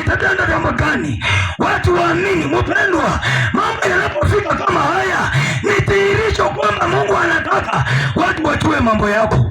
itatenda jambo gani? Watu waamini, mpendwa, mambo yanapofika kama haya ni dhihirisho kwamba Mungu anataka watu wajue mambo yako.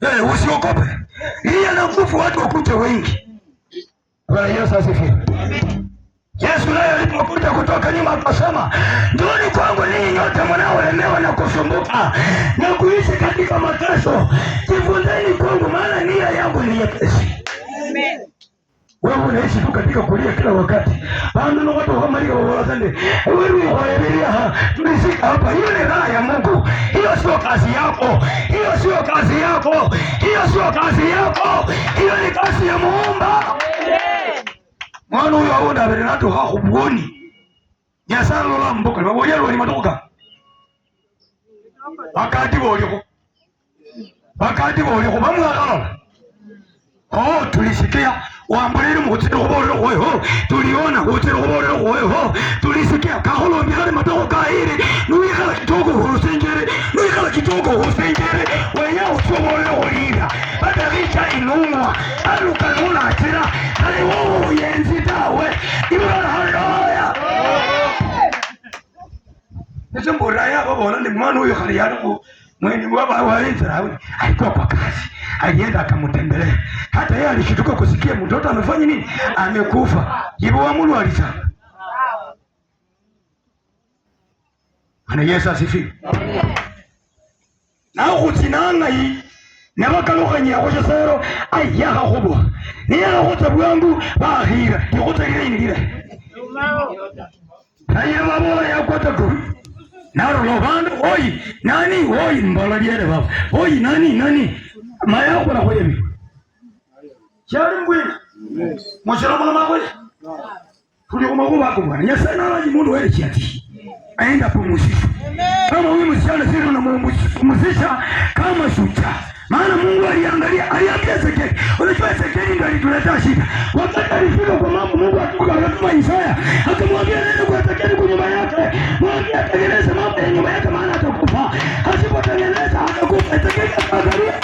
Hey, eh, usiogope, hii ana nguvu, watu wakute wengi. Bwana Yesu asifiwe. Yesu naye alipokuja kutoka nyuma akasema, njooni kwangu ninyi nyote mnaolemewa na kusumbuka na kuishi katika mateso, jivundeni kwangu, maana nia yangu ni nyepesi. Amen wewe unaishi tu katika kulia kila wakati banduno watu wakamaliga wawazane wewe waebiria tulisika hapa. Hiyo ni raha ya Mungu, hiyo sio kazi yako, hiyo sio kazi yako, hiyo sio kazi yako, hiyo ni kazi ya Muumba. Mwana huyo aona aberenatu hakubuoni nyasalo la mboka babonyalo ni matoka wakati boliko wakati boliko bamwagala oh tulisikia wambulile mukutsile khubolela khweho tuliona kutsile khubolela khweho tulisikia kakhulombikhale matokho kaili nuikhala kitoko khusinjiri nuikhala kitoko khusinjiri wenya utsobolele khulilya badakhicha inungwa alukanulatsila khali wouyenzi tawe ibukhala khaloya nisemburaya babona ni mwana uyu khali yaliku Mwenye baba wa Israeli alikuwa kwa kazi, alienda akamtembelea. Hata yeye alishtuka kusikia mtoto amefanya nini, amekufa. Jibu wa Mungu alisa. Ana Yesu asifiwe. Naho kutsinanga yi sero aya hakubwa. Ni niyaha khutsa bwangu bahira ikhutsa lile inilile aye babola yakwata kuri naro lobando oi nani oi mbola diere baba oyi nani nani maya kuna kwa chari shari mbwina mwashara mwana mwana tuli kuma kuba kubwa nyasa na laji mundu wele chiati aenda kumusisha kama huyu msichana sisi tunamumusisha kama shujaa maana Mungu aliangalia aliambia Ezekieli, unajua Ezekieli ndiye alituletea shida. Wakati alifika kwa mambo, Mungu akatuma Isaya akamwambia nenda kwa Ezekieli kwa nyumba yake, mwambie atengeneze nyumba yake, maana atakufa. Asipotengeneza atakufa. Ezekieli akaangalia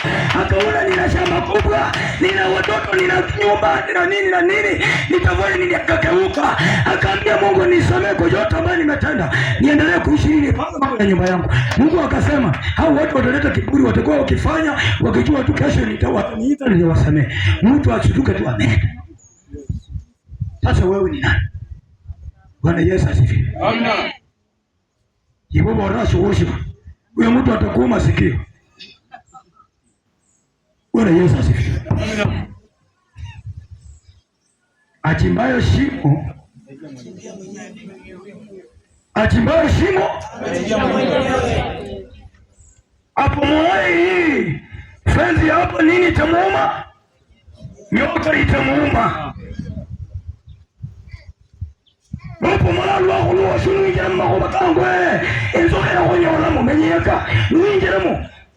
akaona, nina shamba kubwa, nina watoto, nina nyumba, nina nini na nini, nitafanya nini? Akageuka akaambia Mungu, nisamehe kwa yote ambayo nimetenda, niendelee kuishi ili panga mambo ya nyumba yangu. Mungu akasema, hao watu wataleta kiburi, watakuwa wakifanya wakijua tu, kesho nitawataniita niwasamehe. Mtu asituke tu, amen. Sasa wewe ni nani? Bwana Yesu asifiwe. Amina. Jehova anashughulisha. Huyo mtu atakuwa masikio. Bwana Yesu asifiwe. Achimbayo shimo achimbayo shimo mwai hii fenzi hapo nini itamuuma? Nyoka itamuuma. pomona lwahu lwosi mwinjira mu magoba gangwe inzukira khunyolamo menyeka mwinjiramo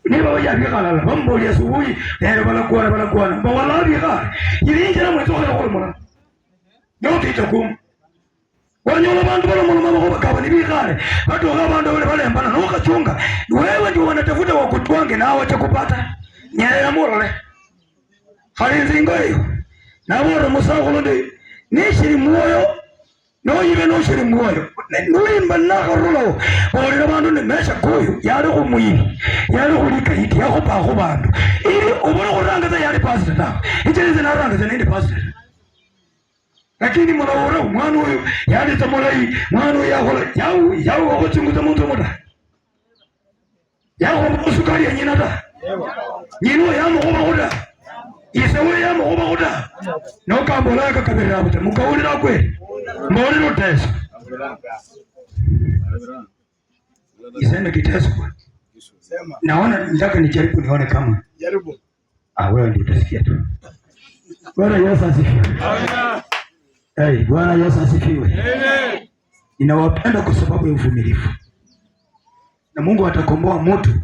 niba yabikalala bamubolya subuhi lero balakwana balakwana bawala bikhale ilinjiramo inzukira khulumona notita kumu wanyola bantu balomoloma magoba gabo nibikhale batukha bantu bale balembana nokhachunga wewe ndi wanatafuta wakutwange nawe takupata nyerera mulole khali nzingo iyo nabora musakhulu ndi nishiri mwoyo நோயிலே நோய் சிறு நோய் நோயின் பண்ணாக உள்ளோ ஒரு இடமாண்டு மேச கோயு யாரு உம்முயி யாரு உடிக்க இட்டு யாகோ பாகோ பாண்டு இது ஒவ்வொரு ஒரு அங்கத்தை யாரு பாசிட்டா lakini mwanauora mwana huyu yali tamolai mwana huyu yahola yau yau wakochunguza muntu mota yao usukari yenyina ta nyino yamukuba kuta isewe yamukuba kuta nokambolaka kabirira kuti mukawulira kweli Muri Ruteso iseme Kiteso. Naona nataka nijaribu nione kama jaribu. Ah, wewe ndio utasikia tu. Bwana Yesu asifiwe. Amina. Hey, Bwana Yesu asifiwe. Amen. Ninawapenda kwa sababu ya uvumilivu. Na Mungu atakomboa mtu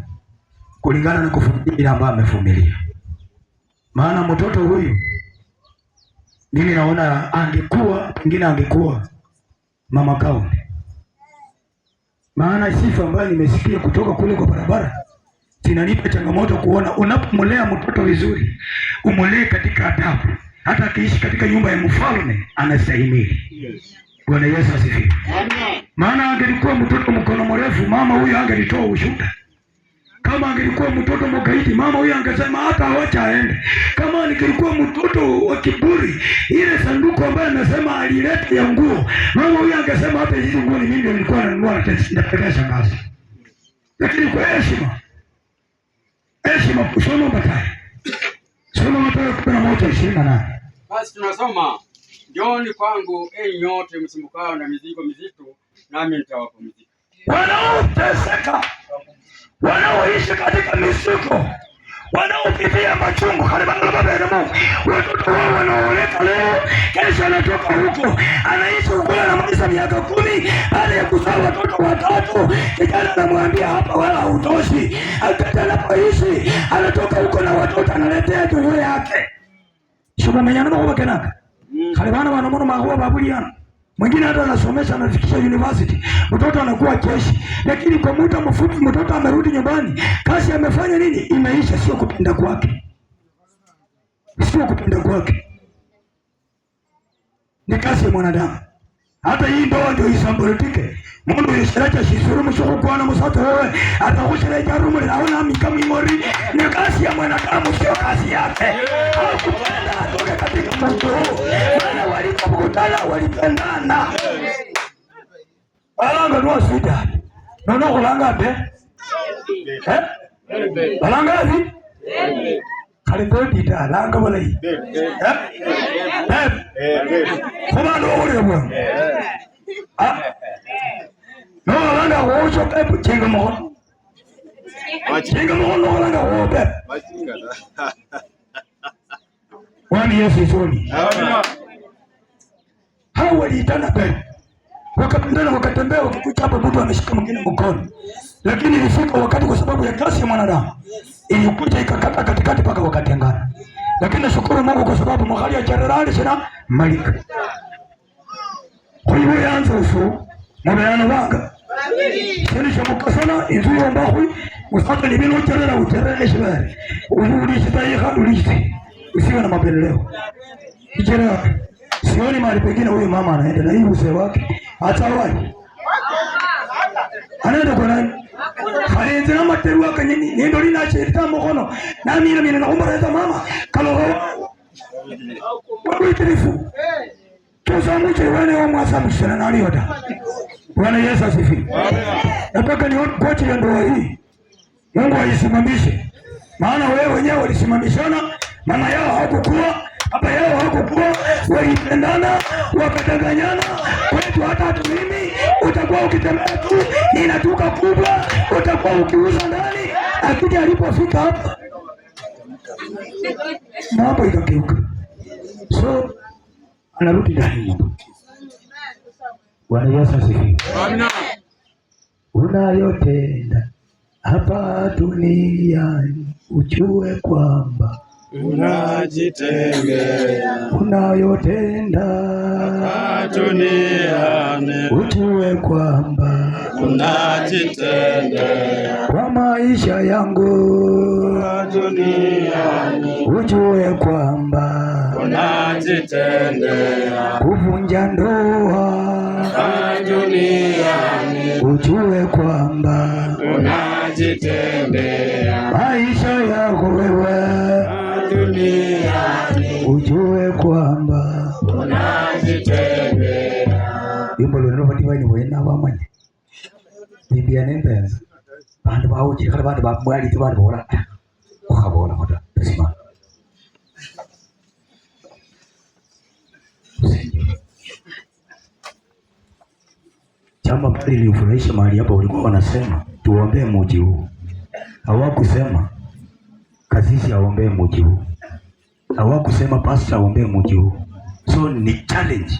kulingana na kuvumilia ambaye amevumilia. Maana mtoto huyu mimi naona angekuwa pengine angekuwa mama Kaone, maana sifa ambayo nimesikia kutoka kule kwa barabara zinanipa changamoto kuona unapomlea mtoto vizuri, umlee katika adabu, hata akiishi katika nyumba ya mfalme anastahimili. Yes. Bwana Yesu asifiwe. Amen. Maana angelikuwa mtoto mkono mrefu, mama huyo angelitoa ushuhuda kama angelikuwa mtoto mgaidi, mama huyo angesema hata awacha aende. Kama angelikuwa mtoto wa kiburi, ile sanduku ambayo anasema alileta ya nguo, mama huyo angesema hata hizi nguo ni mimi ndio nilikuwa nanunua, nitapeleka shangazi. Lakini kwa heshima, heshima, kusoma Mathayo, soma Mathayo kumi na moja ishirini na nane. Basi tunasoma Njoni kwangu enyi nyote msumbukao na mizigo mizito, nami nitawapumzika wanaoteseka wanaoishi katika misuko, wanaopitia machungu kalibalababelemu, watoto wao wanaoleta leo, kesho anatoka huko anaishi ukula na maisha miaka kumi, baada ya kuzaa watoto watatu, kijana anamwambia hapa wala hautoshi. Akata anapoishi anatoka huko na watoto analetea juu yake shumamenyanuma kubakenaka mm. kalibana wanamono mahuwa babuliana mwingine hata anasomesha anafikisha university, mtoto anakuwa jeshi, lakini kwa muda mfupi mtoto amerudi nyumbani, kazi amefanya nini imeisha. Sio kupenda kwake, sio kupenda kwake, ni kazi ya mwanadamu. Hata hii ndoa ndio isambolitike mundu yishiracha shisurumu shokukwana musato wewe atakushira charumu linaona mikamu imori ni kazi ya mwanadamu, sio kazi yake. Hakupenda katika mazoeo, maana walipokutana walipendana. balanga niwaswida nono kulanga pe balanga azi kalipodita alanga bulayi kubantu bokulya bwangu nokalanga kuwutsyo pepu jinga mukhono jinga mukhono kuwo pepu Bwana Yesu isoni. Amina. Hao waliitana pale. Wakapendana wakatembea wakikuta hapo mtu ameshika mwingine mkono. Lakini ilifika wakati kwa sababu ya kasi ya mwanadamu. Ilikuja ikakata katikati mpaka wakatengana. Lakini nashukuru Mungu kwa sababu mwangalia ya jenerali sana Malika. Kwa hiyo yanza uso. Mwana wanga. Kini cha mukasana inzu ya mbahu. Usata ni uterera uterera shibari. Uyu ulishita yekha ulishita usiwe na mapendeleo. Kijana, sioni mahali pengine huyu mama anaenda na hii uzee wake, atawai anaenda kwa nani? Karenze na materu wake nini ndio linacheta mkono na mimi mimi naomba reza mama kaloro wakitirifu tuzamuche wane wa mwasamishana na aliyoda Bwana Yesu asifi. Nataka ni niache ndoa hii, Mungu aisimamishe, maana wewe wenyewe ulisimamishana mama yao hakukua, baba yao hakukua, walipendana wakadanganyana. Kwetu hata tu mimi, utakuwa ukitembea tu nina duka kubwa, utakuwa ukiuza ndani, lakini alipofika hapa na ikageuka, so anarudi ndani. Bwana Yesu asifiwe. Amina. Unayotenda hapa duniani ujue kwamba unajitengea unayotenda, akatuniane utewe kwamba unajitengea kwa maisha yangu, akatuniane ujue kwamba unajitendea kuvunja ndoa, akatuniane ujue kwamba unajitendea bahawukire kale bandi bamwalidde bandi bawola dda okaboolabola tazima jambo ambalo lilifurahisha mahali hapa walikuwa wanasema tuombee muji huu. Hawakusema kasisi aombee muji huu, hawakusema pasta aombee muji huu. So ni challenge,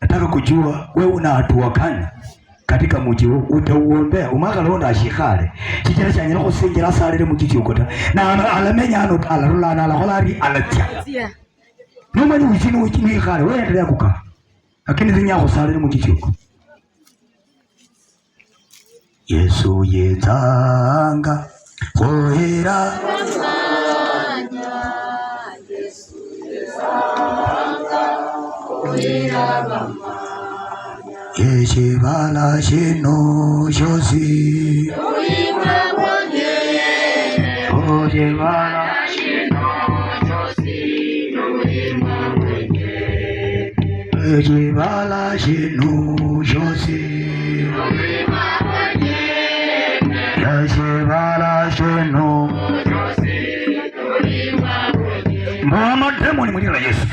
nataka kujua wewe una hatua gani? katika muji huu utauombea umaka londa ashikale chijira chanyira khusingila asalile muchichukota na alamenya ano alalulana alakholari alatya nomani wichi wewe endelea kukala lakini zinya muchichuko yesu yetsanga khoera Yesu yetsanga khoera ekibala kino kyozi ekibala ekibala kino kyozi ekibala kino mama demoni mwilila Yesu